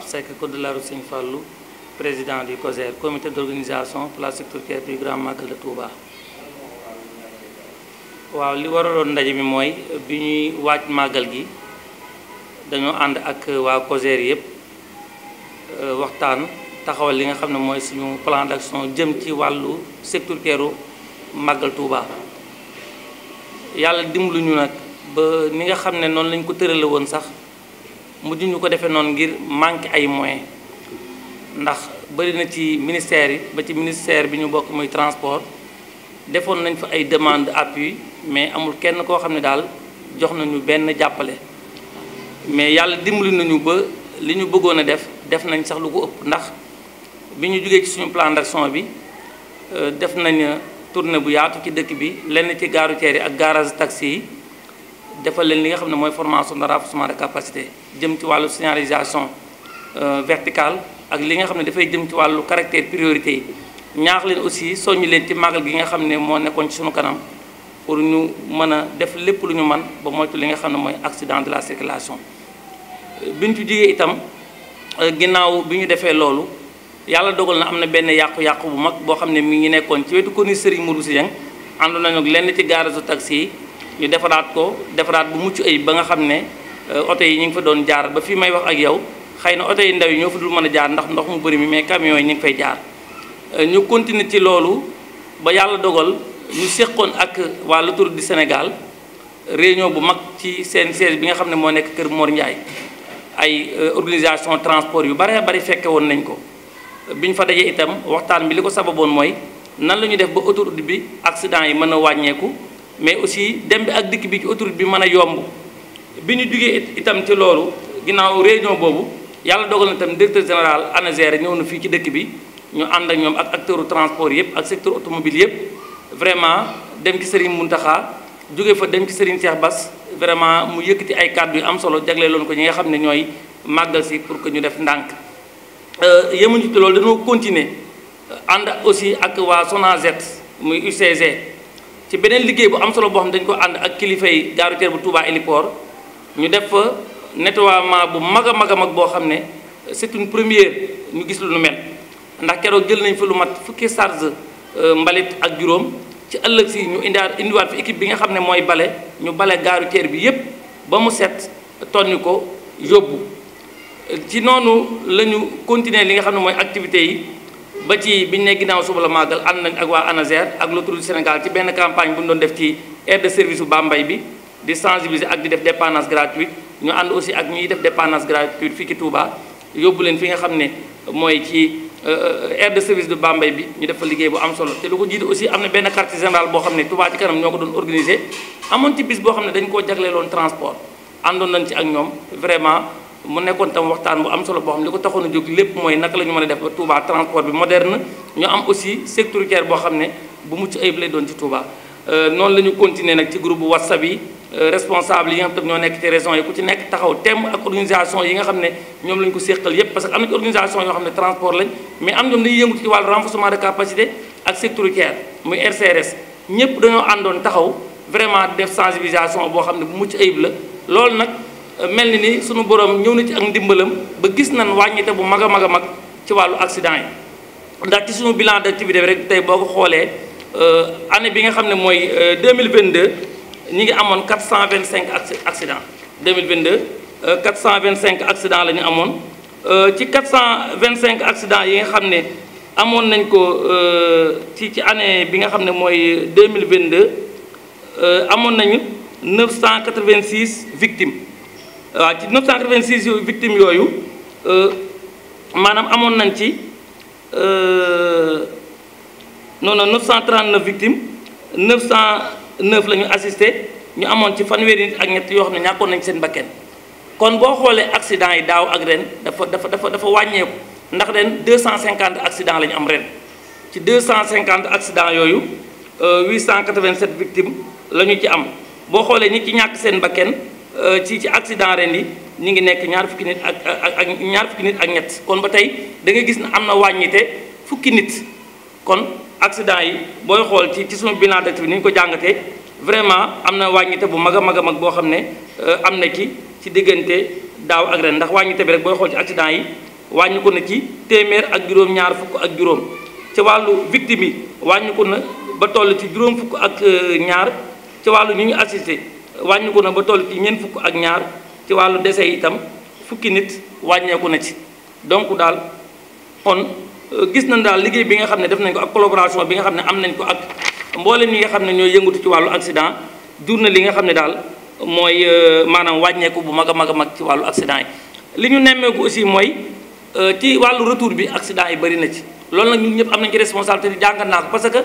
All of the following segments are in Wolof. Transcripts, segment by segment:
Seck code de la route Sëñ Fallou président du COSER comité d'organisation pour la sécurité du Grand Magal de waaw li waraloon ndaje mi mooy bi ñuy waaj màggal gi dañoo ànd ak waa COSER yëpp euh, waxtaan taxawal li nga xam ne mooy suñu plan d'action jëm ci wàllu sécurité ru màggal Touba yàlla dimbaluñu nag. ba ni nga xam ne noonu lañ ko tërale woon sax mujj ñu ko defee noonu ngir manque ay moyen ndax bëri na ci ministère yi ba ci ministère bi ñu bokk muy transport defoon nañ fa ay demande appui mais amul kenn koo xam ne daal jox nañu benn jàppale mais yàlla dimbali nañu ba li ñu bëggoon a def def nañ sax lu ko ëpp ndax bi ñu jógee ci suñu plan d'action bi euh, def nañ tournée bu yaatu ci dëkk bi lenn ci gaaru ceer yi ak garage taxi yi defal leen li nga xam ne mooy formation de renforcement de capacité jëm ci wàllu signalisation euh, vertical ak li nga xam ne dafay jëm ci wàllu caractère priorité yi ñaax leen aussi soññu leen ci màggal gi nga xam ne moo nekkoon ci sunu kanam pour ñu mën a def lépp lu ñu man ba moytu li nga xam ne mooy accident de la circulation bi ñu ci jigee itam euh, ginnaaw bi ñu defee loolu yàlla dogal na am na benn yàqu-yàqu bu mag boo xam ne mi ngi nekkoon ci wetu koni Serigne Modou Sy Dieng àndoon lenn ci garage taxi yi ñu defaraat ko defaraat bu mucc ay ba nga xam ne euh, oto yi ñu ngi fa doon jaar ba fii may wax ak yow xëy na oto yi ndaw yi ñoo fa dul mën a jaar ndax ndox mu bëri mi mais camions yi ñu ngi fay jaar. Euh, ñu continuer ci loolu ba yàlla dogal ñu séqoon ak waa Autoroute du Sénégal réunion bu mag ci seen siège bi nga xam ne moo nekk Kër Mor Ndiaye ay euh, organisation transport yu bare bari fekke woon nañ ko bi fa dajee itam waxtaan bi li ko sababoon mooy nan la ñu def ba autoroute bi accident yi mën a wàññeeku. mais aussi dem bi ak dikk bi ci autoroute bi mën a yomb bi ñu jugee itam ci loolu ginnaaw réunion boobu yàlla dogal na tamit directeur général ANASER ñëw na fii ci dëkk bi ñu ànd ak ñoom ak acteur transport yëpp ak secteur automobile yëpp vraiment dem ci Serigne Mountakha jóge fa dem ci Serigne Cheikh Bass vraiment mu yëkkati ay kàddu yu am solo jagle loon ko ñi nga xam ne ñooy màggal si pour que ñu def ndànk euh, yemuñu ci loolu dañoo continuer ànd aussi ak waa SONAGED muy UCG ci beneen liggéey bu am solo boo xam dañ ko ànd ak kilifa yi gaaru teer bu Touba héliport ñu def fa nettoiement bu mag a mag a mag boo xam ne c'est une première ñu gis lu nu mel ndax keroog jël nañ fa lu mat fukki charge euh, mbalit ak juróom ci ëllëg si ñu indiwaat indiwaat fi équipe bi nga xam ne mooy bale ñu bale gaaru teer bi yépp ba mu set tonni ko yóbbu ci noonu lañu ñu li nga xam ne mooy activités yi ba ci biñ ne ginnaaw suba la màggal ànd nañ ak waa ANASER ak l'autoroute du Sénégal ci benn campagne bu ñu doon def ci aire de service bu Bambey bi di sensibiliser ak di def dépannage gratuite ñu ànd aussi ak ñuy def dépannage gratuite fii ci Touba yóbbu leen fi nga xam ne mooy ci euh, aire de service du Bambey bi ñu def fa liggéey bu am solo te lu ko jiitu aussi am na benn quartier général boo xam ne Touba ci kanam ñoo ko doon organisé amoon ci bis boo xam ne dañ koo jagleeloon transport àndoon nañ ci ak ñoom vraiment mu nekkoon tam waxtaan bu am solo boo xam li ko taxoon a jóg lépp mooy naka la ñu a def ba Touba transport bi moderne ñu am aussi secteur routier boo xam ne bu mucc ayib lay doon ci Touba. Euh, noonu la ñu continuer nag ci groupe WhatsApp yi euh, responsable yi nga xam tam ñoo nekk ci ci nekk taxaw thème ak yi nga xam ne ñoom la ko séqal yépp parce que am yoo xam ne transport lañ mais am ñoom dañuy yëngu ci wàllu renforcement de capacité ak secteur routier muy RCRS ñëpp dañoo àndoon taxaw vraiment def sensibilisation boo xam ne bu mucc ayib la loolu nag. mel ni ni sunu borom ñëw na ak ndimbalam ba gis nañ wàññite bu mag a mag a mag ci wàllu accident yi ndax ci sunu bilan d'activité bi rek tey boo ko xoolee année bi nga xam ne mooy deux mille vingt deux ñi ngi amoon 425 cent vingt cinq accident la ñu amoon ci cent vingt cinq accident yi nga xam ne amoon nañ ko ci ci année bi nga xam ne mooy mille vingt deux amoon nañu 986 victimes waaw ci 986 yooyu victimes yooyu euh, maanaam amoon nañ ci euh, non non 939 victimes 909 la ñu assisté ñu amoon ci fanweeri nit ak ñett yoo xam ne ñàkkoon nañ seen bakken kon boo xoolee accident yi daaw ak ren dafa dafa dafa dafa wàññeeku ndax ren 250 accident la ñu am ren ci cent 250 accident yooyu 887 euh, victimes la ñu ci am boo xoolee ñi ci ñàkk seen bakken Euh, ci ci accident ren yi ñu ngi nekk ñaar fukki nit ak ak ñaar fukki nit ak ñett kon ba tey da nga gis ne am na wàññite fukki nit kon accident yi booy xool ci ci suñu bilan d'activité ni ñu ko jàngatee vraiment am na wàññite bu mag a mag a mag boo xam ne euh, am na ci ci diggante daaw ak ren ndax wàññite bi rek booy xool ci accident yi wàññi na ci téeméer ak juróom-ñaar fukk ak juróom ci wàllu victime yi wàññi na ba toll ci juróom fukk ak euh, ñaar ci wàllu ñu ñu assisté wàññiku na ba toll ci ñeent fukk ak ñaar ci wàllu dese itam fukki nit wàññeeku na ci donc daal kon euh, gis nañ daal liggéey bi nga xam ne def nañ ko ak collaboration bi nga xam ne am nañ ko ak mboolem yi nga xam ne ñooy yëngatu ci wàllu accident jur na li nga xam ne daal mooy euh, maanaam wàññeeku bu mag a mag a mag ci wàllu accident yi. li ñu nemmeeku aussi mooy euh, ci wàllu retour bi accident yi bëri na ci loolu nag ñun ñëpp am nañ ci responsabilité di jàngat naa ko parce que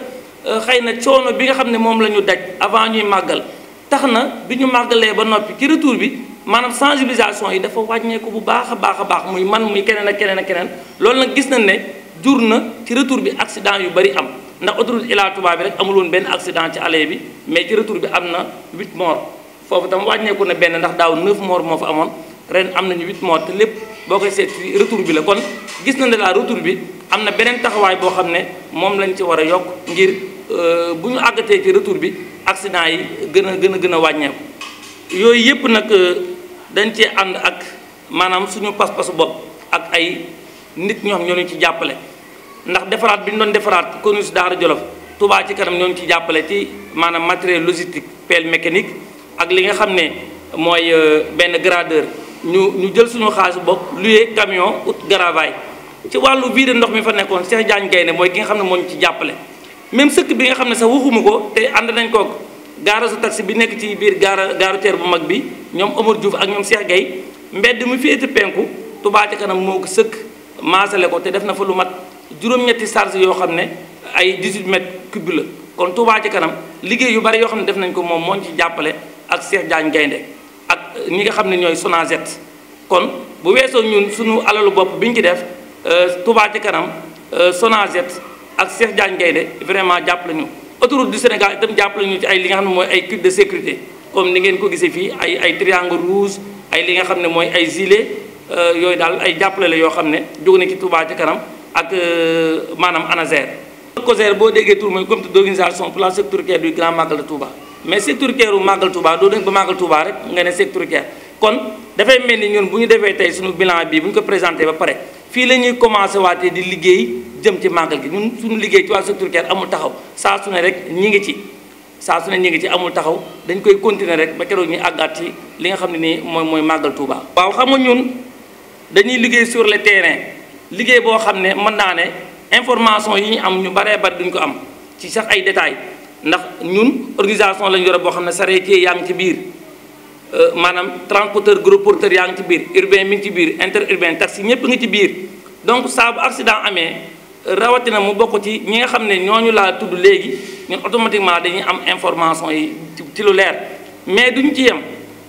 xëy na sono bi nga xam ne moom la ñu daj avant ñuy màggal. tax na bi ñu màggalee ba noppi ci retour bi maanaam sensibilisation yi dafa wàññeeku bu baax a baax a baax muy man muy keneen ak keneen ak keneen loolu nag gis nañ ne jur na ci retour bi accident yu bari am ndax autoroute Ila Touba bi rek amul benn accident ci allée bi mais ci retour bi am na 8 morts foofu tam wàññeeku na benn ndax daaw 9 morts moo fa amoon ren am nañu 8 morts te lépp boo koy seet ci retour bi la kon gis nañ ne daal retour bi am na beneen taxawaay boo xam ne moom lañ ci war a yokk ngir. Euh, bu ñu àggatee ci retour bi accident yi gën a gën a gën a wàññeeku yooyu yëpp nag euh, dañ cee ànd ak maanaam suñu pas-pasu bopp ak ay nit ñoo xam ñoo ñu ci jàppale ndax defaraat bi ñu doon defaraat konus daara Jolof Touba ci kanam ñoo ñu jàppale ci maanaam matériel logistique pelle mécanique ak li nga xam ne mooy euh, benn gradeur ñu ñu jël suñu xaalis bopp luyee camion ut garavaay ci wàllu biir ndox mi fa nekkoon Cheikh Diagne Gaynde mooy ki nga xam ne moo ñu ci jàppale même sëkk bi nga xam ne sa waxuma ko te ànd nañ koog gaara su taxi bi nekk ci biir gaara gaaru teer bu mag bi ñoom Omar Diouf ak ñoom Cheikh Gueye mbedd mu féete penku Touba ca kanam moo ko sëkk maasale ko te def na fa lu mat juróom-ñetti charge yoo xam ne ay 18 mètres cubes la kon Touba ca kanam liggéey yu bari yoo xam ne def nañ ko moom mooñ ci jàppale ak Cheikh Diagne Gaynde ak ñi nga xam ne ñooy Sonaged kon bu weesoo ñun suñu alalu bopp bi ñu ci def euh, Touba ca kanam euh, Sonaged ak Cheikh Diagne Gaynde vraiment jàpp ñu autoroute du Sénégal itam jàppale ñu ci ay li nga xam ne mooy ay kit de sécurité comme ni ngeen ko gisee fii ay ay triangle rouge li nga xam ne mooy ay gilet euh, yooyu daal ay jàppale la yoo xam ne jóg na ci Touba ci kanam ak euh, maanaam ANASER. COSER boo déggee tur mooy comité d'organisation pour la sécurité du grand Magal de Touba mais sécurité ru Magal Touba doo dem ba Magal Touba rek nga ne sécurité kon dafay mel ni ñun bu ñu defee tey suñu bilan bii bu ñu ko présenté ba pare fii la ñuy commencé waatee di liggéey. jëm ci màggal gi ñun suñu liggéey ci wàllu sécurité amul taxaw saa su rek ñi ngi ci saa su ne ñi ngi ci amul taxaw dañ koy continuer rek ba keroog ñu àggat ci li nga xam ne nii mooy mooy màggal Touba. waaw xam nga ñun dañuy liggéey sur le terrain liggéey boo xam ne mën naa ne information yi ñu am ñu baree bari duñ ko am ci sax ay détails ndax ñun organisation lañ yore boo xam ne charretier yaa ngi ci biir. Euh, maanaam transporteur gros porteur yaa ngi ci biir urbain mi ngi ci biir interurbain taxi ñëpp nga ci biir donc saa bu amee rawatina mu bokk ci ñi nga xam ne ñoo ñu laa tudd léegi ñun automatiquement dañuy am information yi ci lu leer mais duñu ci yem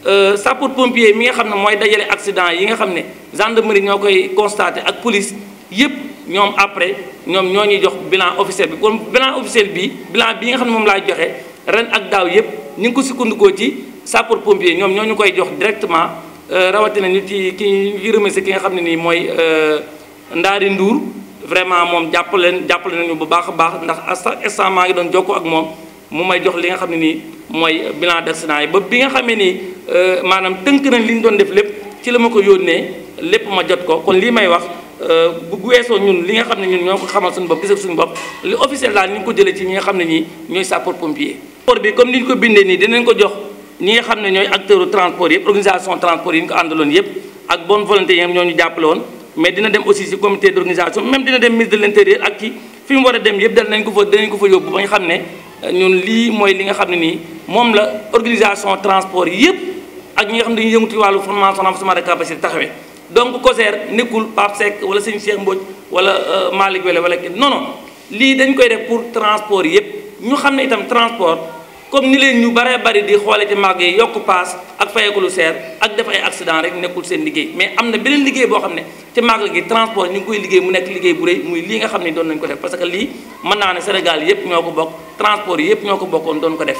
euh, sapeur pompier mi nga xam ne mooy dajale accident yi nga xam ne gendarmerie ñoo koy constaté ak police yépp ñoom après ñoom ñoo ñuy jox bilan officiel bi kon bilan officiel bi bilan bi nga xam ne moom laay joxe ren ak daaw yépp ñu ngi ko sukkandikoo ci sapeur pompier ñoom ñoo ñu koy jox directement euh, rawatina ñu ci ki ñu remercier ki nga xam ne nii mooy euh, Ndaari Ndour vraiment moom jàppaleen jàppale nañu bu baax a baax ndax à instant maa ngi doon ko ak moom mu may jox li nga xam ne nii mooy bilan d'accident yi ba bi nga xamee nii euh, maanaam tënk nañ li ñu doon def lépp ci la ma ko yónnee lépp ma jot ko kon lii may wax euh, bu weesoo nga xam ne ñun ñoo ko xamal suñu bopp gisal suñu bopp li officiel daal ñu ko jëlee ci ñi nga xam ne ñii ñooy sapeur pompier. rapport bi comme ni ñu ko bindee nii dinañ ko jox ñi nga xam ne ñooy acteur transport yëpp organisation transport yi ñu ko àndaloon yëpp ak bonne volonté yi ñoo ñu jàppale woon mais dina dem aussi si comité d' organisation même dina dem ministre de l' intérieur ak ci fi mu war a dem yëpp dal nañ ko fa danañ ko fa yóbbu ba nga xam ne euh, ñun lii mooy li nga xam ne nii moom la organisation transport yëpp ak ñi nga xam ne dañuy yëngatu wàllu formation renforcement de capacité taxawee donc COSER nekkul Pape Seck wala sëñ Cheikh Mbodj wala euh, Malick Wele wala non non lii dañ koy def pour transport yëpp ñu xam ne itam transport comme ni leen ñu baree bari di xoole ci màgg yi yokk paas ak fayeeku seer ak def ay rek nekkul seen liggéey mais am na beneen liggéey boo xam ne ci màgg gi transport ñu ngi koy liggéey mu nekk liggéey bu rëy muy lii nga xam ne doon nañu ko def parce que lii mën naa ne Sénégal yépp ñoo ko bokk transport yépp ñoo ko bokkoon doon ko def